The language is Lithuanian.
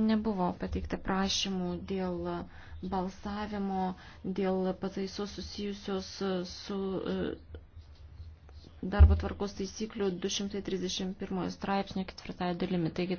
nebuvo pateikta prašymų dėl balsavimo, dėl pataisos susijusios su e, darbo tvarkos taisyklių 231 straipsnio ketvirtąją dalimi. Taigi,